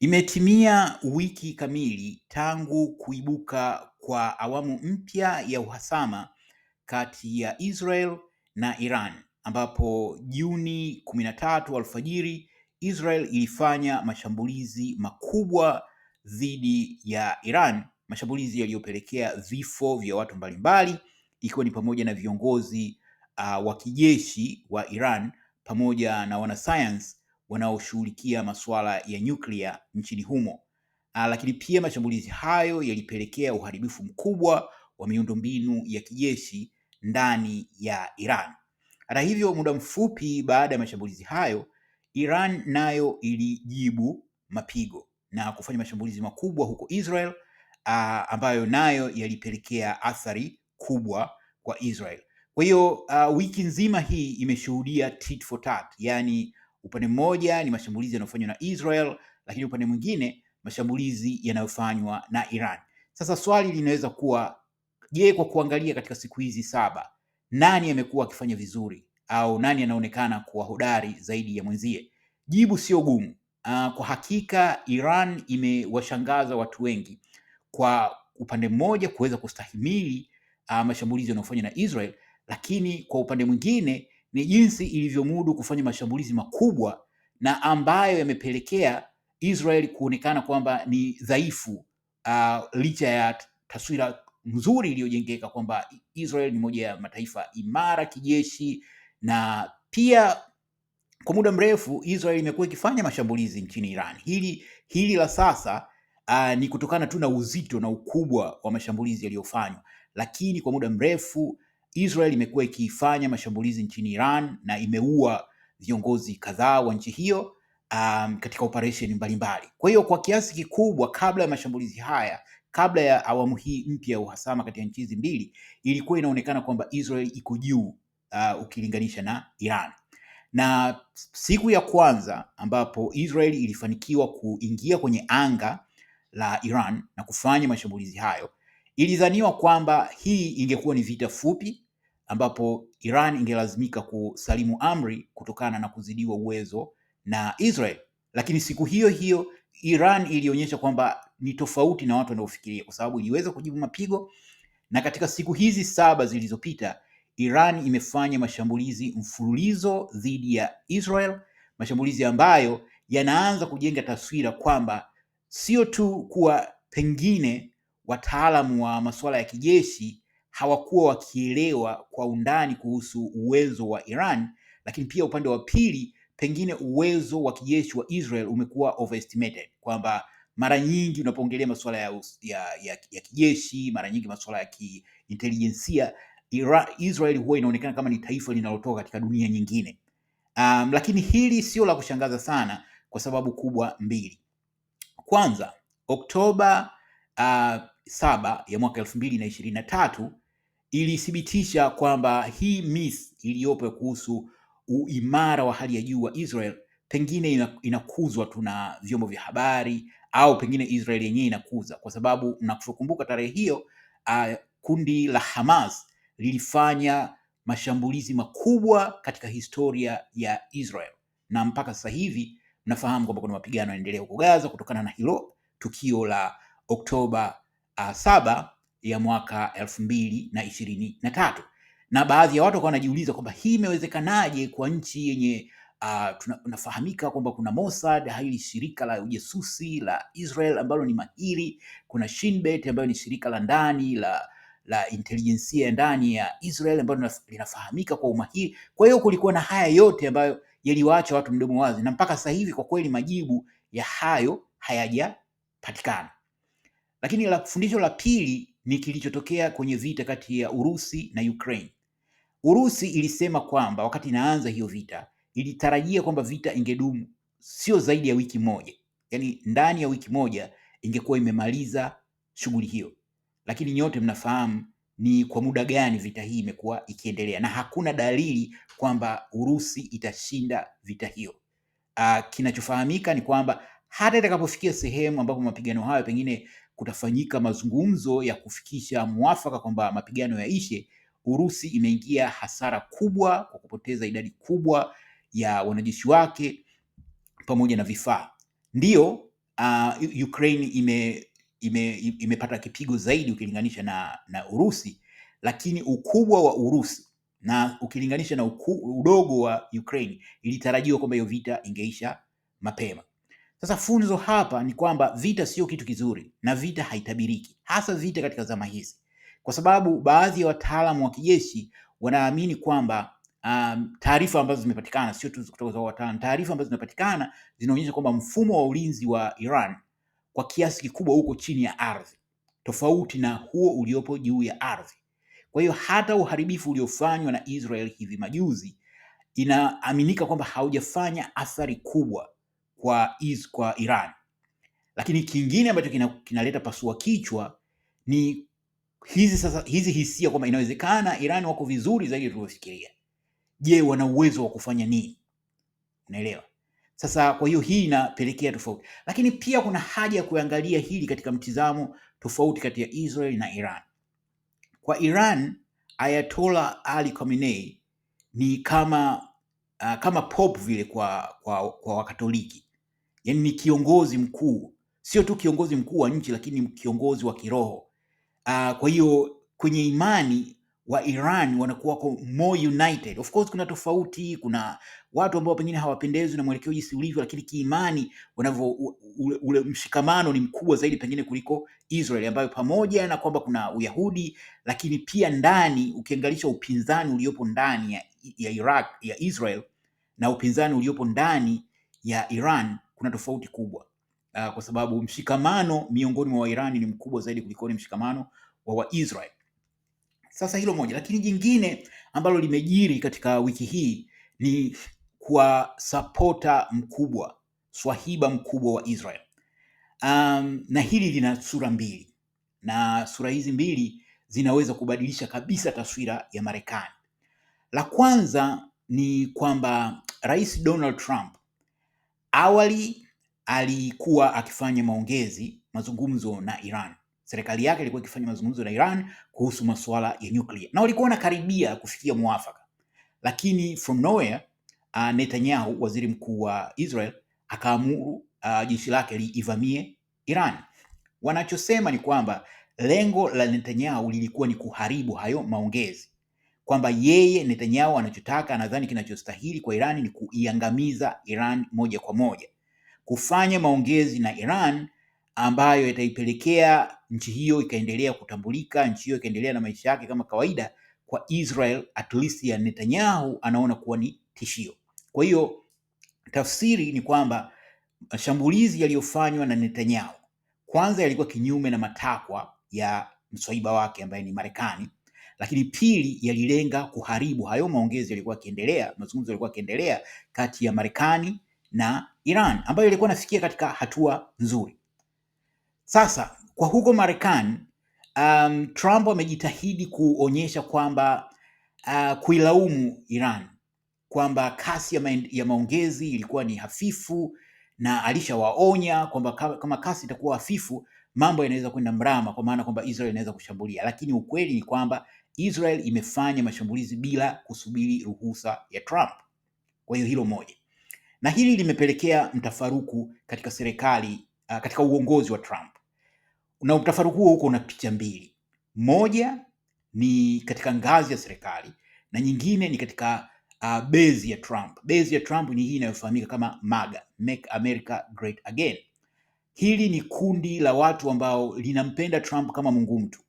Imetimia wiki kamili tangu kuibuka kwa awamu mpya ya uhasama kati ya Israel na Iran ambapo Juni kumi na tatu alfajiri Israel ilifanya mashambulizi makubwa dhidi ya Iran, mashambulizi yaliyopelekea vifo vya watu mbalimbali ikiwa ni pamoja na viongozi uh, wa kijeshi wa Iran pamoja na wanasayansi wanaoshughulikia masuala ya nyuklia nchini humo. Ah, lakini pia mashambulizi hayo yalipelekea uharibifu mkubwa wa miundombinu ya kijeshi ndani ya Iran. Hata hivyo, muda mfupi baada ya mashambulizi hayo, Iran nayo ilijibu mapigo na kufanya mashambulizi makubwa huko Israel uh, ambayo nayo yalipelekea athari kubwa kwa Israel. Kwa hiyo uh, wiki nzima hii imeshuhudia tit for tat, yani Upande mmoja ni mashambulizi yanayofanywa na Israel, lakini upande mwingine mashambulizi yanayofanywa na Iran. Sasa swali linaweza kuwa je, kwa kuangalia katika siku hizi saba nani amekuwa akifanya vizuri au nani anaonekana kuwa hodari zaidi ya mwenzie? Jibu sio gumu. Uh, kwa hakika Iran imewashangaza watu wengi kwa upande mmoja kuweza kustahimili uh, mashambulizi yanayofanywa na Israel, lakini kwa upande mwingine ni jinsi ilivyomudu kufanya mashambulizi makubwa na ambayo yamepelekea Israel kuonekana kwamba ni dhaifu, uh, licha ya taswira nzuri iliyojengeka kwamba Israel ni moja ya mataifa imara kijeshi, na pia kwa muda mrefu Israel imekuwa ikifanya mashambulizi nchini Iran. Hili hili la sasa uh, ni kutokana tu na uzito na ukubwa wa mashambulizi yaliyofanywa, lakini kwa muda mrefu Israel imekuwa ikifanya mashambulizi nchini Iran na imeua viongozi kadhaa wa nchi hiyo um, katika operesheni mbalimbali. Kwa hiyo kwa kiasi kikubwa, kabla ya mashambulizi haya, kabla ya awamu hii mpya ya uhasama kati ya nchi hizi mbili, ilikuwa inaonekana kwamba Israel iko juu uh, ukilinganisha na Iran. Na siku ya kwanza ambapo Israel ilifanikiwa kuingia kwenye anga la Iran na kufanya mashambulizi hayo, ilidhaniwa kwamba hii ingekuwa ni vita fupi ambapo Iran ingelazimika kusalimu amri kutokana na kuzidiwa uwezo na Israel. Lakini siku hiyo hiyo Iran ilionyesha kwamba ni tofauti na watu wanaofikiria, kwa sababu iliweza kujibu mapigo, na katika siku hizi saba zilizopita Iran imefanya mashambulizi mfululizo dhidi ya Israel, mashambulizi ambayo yanaanza kujenga taswira kwamba sio tu kuwa pengine wataalamu wa masuala ya kijeshi hawakuwa wakielewa kwa undani kuhusu uwezo wa Iran, lakini pia upande wa pili, pengine uwezo wa kijeshi wa Israel umekuwa overestimated, kwamba mara nyingi unapoongelea masuala ya, ya, ya, ya kijeshi, mara nyingi masuala ya kiintelijensia, Israel huwa inaonekana kama ni taifa linalotoka katika dunia nyingine. Um, lakini hili sio la kushangaza sana kwa sababu kubwa mbili. Kwanza, Oktoba uh, saba ya mwaka elfu mbili na ishirini na tatu ilithibitisha kwamba hii miss iliyopo kuhusu uimara wa hali ya juu wa Israel pengine inakuzwa tu na vyombo vya habari au pengine Israel yenyewe inakuza, kwa sababu nakukumbuka tarehe hiyo uh, kundi la Hamas lilifanya mashambulizi makubwa katika historia ya Israel na mpaka sasa hivi nafahamu kwamba kuna mapigano yanaendelea huko Gaza kutokana na hilo tukio la Oktoba uh, saba ya mwaka elfu mbili na ishirini na tatu na baadhi ya watu wakawa wanajiuliza kwamba hii imewezekanaje kwa nchi yenye uh, ah, unafahamika kwamba kuna Mossad, hili shirika la ujasusi la Israel ambalo ni mahiri, kuna Shin Bet ambayo ni shirika la ndani la la intelijensia ya ndani ya Israel ambalo linafahamika kwa umahiri. Kwa hiyo kulikuwa na haya yote ambayo yaliwaacha watu mdomo wazi, na mpaka sasa hivi kwa kweli majibu ya hayo hayajapatikana. Lakini la fundisho la pili ni kilichotokea kwenye vita kati ya Urusi na Ukraine. Urusi ilisema kwamba wakati inaanza hiyo vita ilitarajia kwamba vita ingedumu sio zaidi ya wiki moja, yaani ndani ya wiki moja ingekuwa imemaliza shughuli hiyo, lakini nyote mnafahamu ni kwa muda gani vita hii imekuwa ikiendelea na hakuna dalili kwamba Urusi itashinda vita hiyo. Ah, kinachofahamika ni kwamba hata itakapofikia sehemu ambapo mapigano hayo pengine kutafanyika mazungumzo ya kufikisha mwafaka kwamba mapigano yaishe, Urusi imeingia hasara kubwa kwa kupoteza idadi kubwa ya wanajeshi wake pamoja na vifaa. Ndiyo, uh, Ukraine ime ime imepata kipigo zaidi ukilinganisha na, na Urusi, lakini ukubwa wa Urusi na ukilinganisha na uku, udogo wa Ukraine ilitarajiwa kwamba hiyo vita ingeisha mapema. Sasa funzo hapa ni kwamba vita sio kitu kizuri na vita haitabiriki, hasa vita katika zama hizi, kwa sababu baadhi ya wataalamu wa kijeshi wanaamini kwamba um, taarifa ambazo zimepatikana sio tu kutoka kwa wataalamu, taarifa ambazo zimepatikana zinaonyesha kwamba mfumo wa ulinzi wa Iran kwa kiasi kikubwa uko chini ya ardhi, tofauti na huo uliopo juu ya ardhi. Kwa hiyo hata uharibifu uliofanywa na Israel hivi majuzi inaaminika kwamba haujafanya athari kubwa kwa, is, kwa Iran. Lakini kingine ambacho kinaleta kina pasua kichwa ni hizi, sasa, hizi hisia kwamba inawezekana Iran wako vizuri zaidi tulivyofikiria. Je, wana uwezo wa kufanya nini? Unaelewa? Sasa kwa hiyo hii inapelekea tofauti, lakini pia kuna haja ya kuangalia hili katika mtizamo tofauti kati ya Israel na Iran. Kwa Iran, Ayatollah Ali Khamenei ni kama uh, kama pop vile kwa, kwa, kwa Wakatoliki yani ni kiongozi mkuu, sio tu kiongozi mkuu wa nchi, lakini kiongozi wa kiroho. Uh, kwa hiyo kwenye imani wa Iran wanakuwa wako more united. Of course kuna tofauti, kuna watu ambao pengine hawapendezwi na mwelekeo jinsi ulivyo, lakini kiimani wanavyo ule, ule mshikamano ni mkubwa zaidi pengine kuliko Israel, ambayo pamoja na kwamba kuna Uyahudi, lakini pia ndani ukiangalisha upinzani uliopo ndani ya, ya Iraq ya Israel na upinzani uliopo ndani ya Iran kuna tofauti kubwa uh, kwa sababu mshikamano miongoni mwa Wairani ni mkubwa zaidi kuliko mshikamano wa Waisrael. Sasa hilo moja, lakini jingine ambalo limejiri katika wiki hii ni kwa sapota mkubwa, swahiba mkubwa wa Israel. Um, na hili lina sura mbili na sura hizi mbili zinaweza kubadilisha kabisa taswira ya Marekani. La kwanza ni kwamba Rais Donald Trump Awali alikuwa akifanya maongezi, mazungumzo na Iran. Serikali yake ilikuwa ikifanya mazungumzo na Iran kuhusu masuala ya nyuklia na walikuwa wanakaribia kufikia mwafaka, lakini from nowhere uh, Netanyahu waziri mkuu wa Israel akaamuru uh, jeshi lake liivamie Iran. Wanachosema ni kwamba lengo la Netanyahu lilikuwa ni kuharibu hayo maongezi kwamba yeye Netanyahu anachotaka, anadhani kinachostahili kwa Iran ni kuiangamiza Iran moja kwa moja, kufanya maongezi na Iran ambayo yataipelekea nchi hiyo ikaendelea kutambulika, nchi hiyo ikaendelea na maisha yake kama kawaida kwa Israel, at least ya Netanyahu anaona kuwa ni tishio. Kwa hiyo tafsiri ni kwamba mashambulizi yaliyofanywa na Netanyahu kwanza yalikuwa kinyume na matakwa ya mswaiba wake ambaye ni Marekani, lakini pili, yalilenga kuharibu hayo maongezi yalikuwa yakiendelea, mazungumzo yalikuwa yakiendelea kati ya Marekani na Iran ambayo ilikuwa nafikia katika hatua nzuri. Sasa kwa huko Marekani, um, Trump amejitahidi kuonyesha kwamba uh, kuilaumu Iran kwamba kasi ya, ma ya maongezi ilikuwa ni hafifu na alishawaonya kwamba kama kasi itakuwa hafifu mambo yanaweza kwenda mrama, kwa maana kwamba Israel inaweza kushambulia, lakini ukweli ni kwamba Israel imefanya mashambulizi bila kusubiri ruhusa ya Trump. Kwa hiyo hilo moja, na hili limepelekea mtafaruku katika serikali uh, katika uongozi wa Trump, na mtafaruku huo uko na picha mbili, moja ni katika ngazi ya serikali na nyingine ni katika uh, ah, bezi ya Trump. bezi ya Trump ni hii inayofahamika kama MAGA, Make America Great Again hili ni kundi la watu ambao linampenda Trump kama Mungu mtu,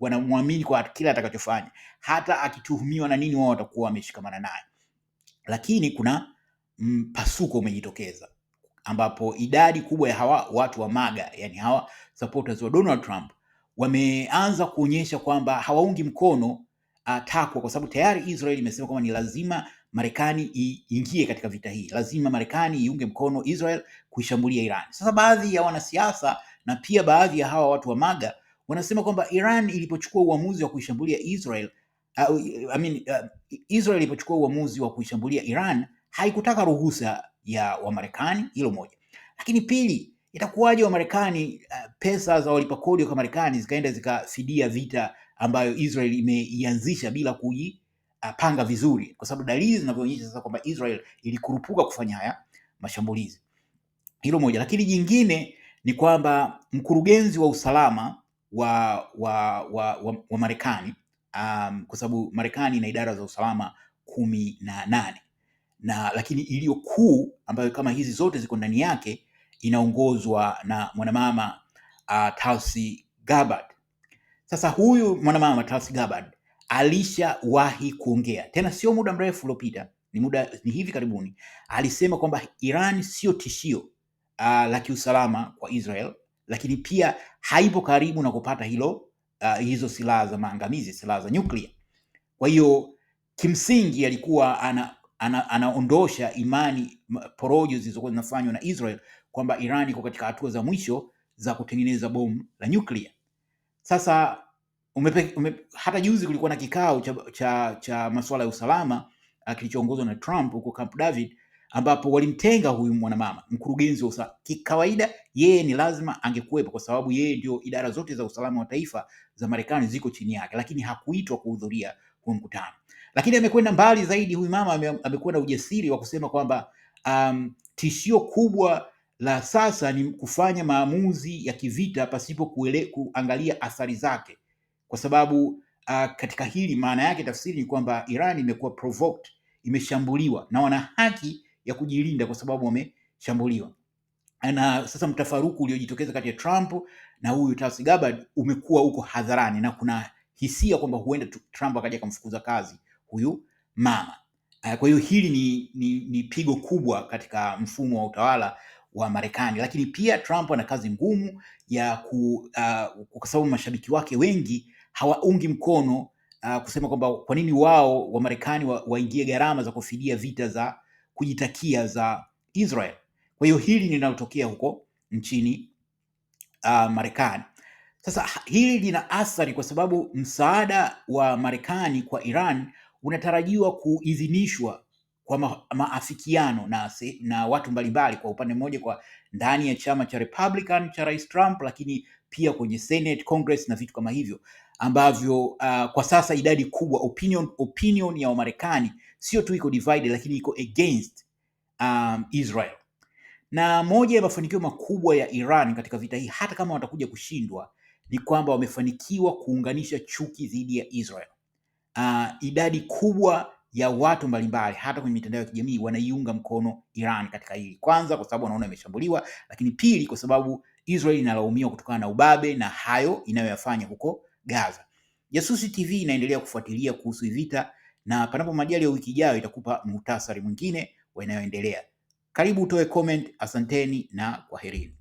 wanamwamini wana kwa kila atakachofanya, hata akituhumiwa na nini, wao watakuwa wameshikamana naye. Lakini kuna mpasuko umejitokeza, ambapo idadi kubwa ya hawa watu wa MAGA, yani hawa supporters wa Donald Trump wameanza kuonyesha kwamba hawaungi mkono uh, takwa, kwa sababu tayari Israel imesema kwamba ni lazima Marekani iingie katika vita hii, lazima Marekani iunge mkono Israel kuishambulia Iran. Sasa baadhi ya wanasiasa na pia baadhi ya hawa watu wa MAGA wanasema kwamba Iran ilipochukua uamuzi wa kuishambulia Israel, uh, I mean, uh, Israel ilipochukua uamuzi wa kuishambulia Iran haikutaka ruhusa ya Wamarekani. Hilo moja, lakini pili itakuwaje Wamarekani uh, pesa za walipa kodi wa Marekani zikaenda zikafidia vita ambayo Israel imeianzisha bila kuji panga vizuri, kwa sababu dalili zinavyoonyesha sasa kwamba Israel ilikurupuka kufanya haya mashambulizi. Hilo moja, lakini jingine ni kwamba mkurugenzi wa usalama wa, wa, wa, wa, wa Marekani um, kwa sababu Marekani ina idara za usalama kumi na nane na lakini iliyo kuu ambayo kama hizi zote ziko ndani yake inaongozwa na mwanamama uh, Tulsi Gabbard. Sasa huyu mwanamama Tulsi Gabbard alishawahi kuongea tena, sio muda mrefu uliopita, ni muda ni hivi karibuni, alisema kwamba Iran sio tishio uh, la kiusalama kwa Israel, lakini pia haipo karibu na kupata hilo uh, hizo silaha za maangamizi, silaha za nyuklia. Kwa hiyo kimsingi alikuwa ana, ana, anaondosha imani porojo zilizokuwa zinafanywa na Israel kwamba Iran iko katika hatua za mwisho za kutengeneza bomu la nyuklia. Sasa umepe, ume, hata juzi kulikuwa na kikao cha, cha, cha masuala ya usalama ah, kilichoongozwa na Trump huko Camp David ambapo walimtenga huyu mwanamama mkurugenzi wa usalama. Kikawaida yeye ni lazima angekuwepo kwa sababu yeye ndio idara zote za usalama wa taifa za Marekani ziko chini yake, lakini hakuitwa kuhudhuria huo mkutano. Lakini amekwenda mbali zaidi, huyu mama amekuwa na ujasiri wa kusema kwamba um, tishio kubwa la sasa ni kufanya maamuzi ya kivita pasipo kuangalia athari zake kwa sababu uh, katika hili maana yake tafsiri ni kwamba Iran imekuwa provoked, imeshambuliwa na wana haki ya kujilinda kwa sababu wameshambuliwa. Na sasa mtafaruku uliojitokeza kati ya Trump na huyu Tulsi Gabbard umekuwa uko hadharani na kuna hisia kwamba huenda Trump akaja akamfukuza kazi huyu mama. Ah, kwa hiyo hili ni, ni, ni pigo kubwa katika mfumo wa utawala wa Marekani, lakini pia Trump ana kazi ngumu ya ku, uh, kwa sababu mashabiki wake wengi hawaungi mkono uh, kusema kwamba kwa nini wao Wamarekani waingie wa gharama za kufidia vita za kujitakia za Israel. Kwa hiyo hili linalotokea huko nchini uh, Marekani. Sasa hili lina athari kwa sababu msaada wa Marekani kwa Iran unatarajiwa kuidhinishwa kwa ma maafikiano na, na watu mbalimbali, kwa upande mmoja kwa ndani ya chama cha Republican cha Rais Trump, lakini pia kwenye Senate, Congress na vitu kama hivyo ambavyo uh, kwa sasa idadi kubwa opinion, opinion ya Wamarekani sio tu iko divided lakini iko against um, Israel. Na moja ya mafanikio makubwa ya Iran katika vita hii, hata kama watakuja kushindwa, ni kwamba wamefanikiwa kuunganisha chuki dhidi ya Israel. Uh, idadi kubwa ya watu mbalimbali hata kwenye mitandao ya kijamii wanaiunga mkono Iran katika hili, kwanza kwa sababu wanaona imeshambuliwa, lakini pili kwa sababu Israel inalaumiwa kutokana na ubabe na hayo inayoyafanya huko Gaza. Jasusi TV inaendelea kufuatilia kuhusu vita na panapo majali ya wiki ijayo itakupa muhtasari mwingine inayoendelea. Karibu utoe comment. Asanteni na kwaherini.